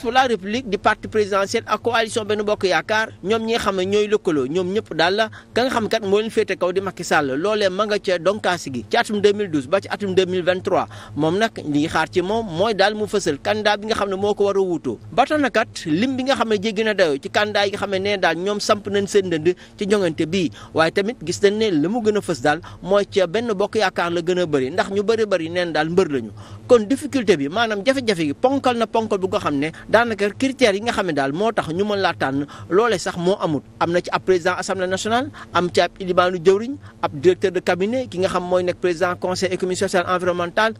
pour la république di parti présidentiel ak coalition benn bokk yaakaar ñoom ñi nga xam ne ñooy lëkkaloo ñoom ñëpp daal la ka nga xam kat moo leen féete kaw di Macky Sall loolee ma nga ca donkaasi gi ci atum 2012 ba ci atum 2023 moom nag li xaar ci moom mooy daal mu fësal candidat bi nga xam ne moo ko war a wutoo ba tax na lim bi nga xam ne jéggi na dayoo ci candidat yi nga xam ne nee daal ñoom samp nañ seen dënd ci jongante bii waaye tamit gis nañ ne li mu gën a fës daal mooy ca benn bokk yaakaar la gën a bëri ndax ñu bëri bëri neen daal mbër lañu kon difficulté bi maanaam jafe-jafe gi ponkal na ponkal bu nga xam ne daanaka critères yi nga xam ne daal moo tax ñu mën laa tànn loolee sax moo amut am na ci ab président assemblée nationale am ci ab ilimaanu jëwriñ ab directeur de cabinet ki nga xam mooy nekk président conseil économique social environnemental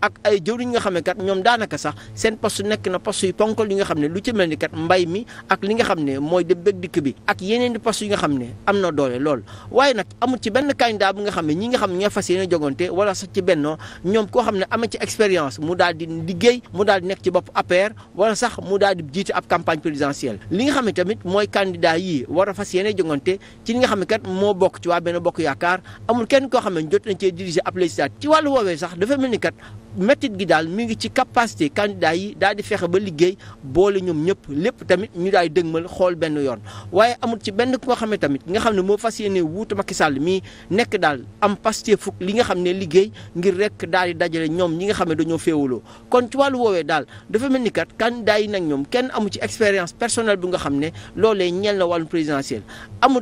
ñoom daanaka sax seen poste nekk na poste yu ponkal nga xam ne lu ci mel ni kat mbay mi ak ne mooy de bëgg bi ak yeneen di poste yi nga xam ne am na doole lool waaye nag amul ci benn candidat bu nga xam ne ñi nga xam ne ñoo fas yéene jogante wala sax ci benn ñoom koo xam ne am ci expérience mu daal di liggéey mu daal di nekk ci bopp APR wala sax mu daal di jiit ab campagne présidentielle li nga xam ne tamit mooy candidat yii war a fas yéene jongante ci li nga xam ne kat moo bokk ci waa benn bokk yaakaar amul kenn koo xam ne jot nañ cee diriger ab législative ci wàllu woowee sax dafa mel ni kat métit gi daal mi ngi ci capacité candidat yi daal di fexe ba liggéey boole ñoom ñëpp lépp tamit ñu daay dëgmal xool benn yoon waaye amul ci benn koo xam ne tamit nga xam ne moo fas yéene wuutu Macky Sall mii nekk daal am pasté fukk li nga xam ne liggéey ngir rek daal di dajale ñoom ñi nga xam ne dañoo féewaloo kon ci wàllu woowee daal dafa mel ni kat candidat yi nag ñoom kenn amu ci expérience personnelle bi nga xam ne loolee ñeel na wàllu présidentiel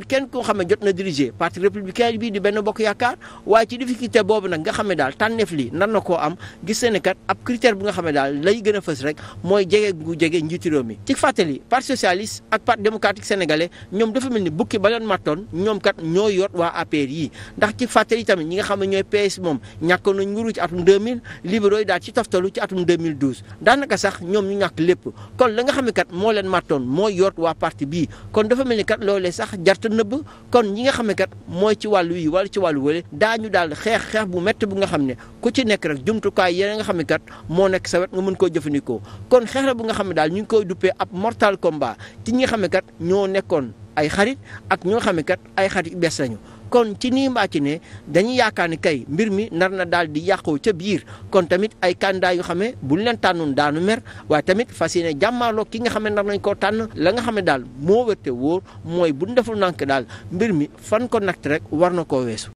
kenn koo xam ne jot na diriger parti républicain bi di benn bokk yaakaar waaye ci difficulté boobu nag nga xam ne daal tànneef li nan na koo am gis na ne kat ab critère bu nga xam ne daal lay gën a fës rek mooy jege gu jege njiitu réew mi ci fàttali parti socialiste ak parti démocratique sénégalais ñoom dafa mel ni bukki ba leen mattoon ñoom kat ñoo yor waa APR yi ndax ci fàttali tamit ñi nga xam ne ñooy PS moom ñàkkoon nañ nguuru ci atum 2000 libéraux yi daal ci toftalu ci atum 2012 daanaka sax ñoom ñu ñàkk lépp kon la nga xam kat moo leen mattoon moo yor waa parti bii kon dafa mel ni kat loole sax jarta nëbb kon ñi nga xam ne kat mooy ci wàllu yi wala ci wàllu wële daañu daal xeex bu métti bu nga xam ne ku ci nekk rek jumtukaay jumtuwaay yeneen nga xam kat moo nekk sa wet nga mën koo jëfandikoo kon xeex bu nga xam ne daal ñu ngi koy duppee ab mortal combat ci ñi nga xam kat ñoo nekkoon ay xarit ak ñoo xam kat ay xarit bees lañu. kon ci nii mbaa ci ne dañuy yaakaar ne kay mbir mi nar na daal di yàqoo ca biir kon tamit ay candidat yu xamee buñ leen tànnoon daanu mer waaye tamit fas yéene jàmmaarloo ki nga xam ne nar nañ koo tànn la nga xam ne daal moo wérte wóor mooy bu deful nànk daal mbir mi fan ko nakt rek war na koo weesu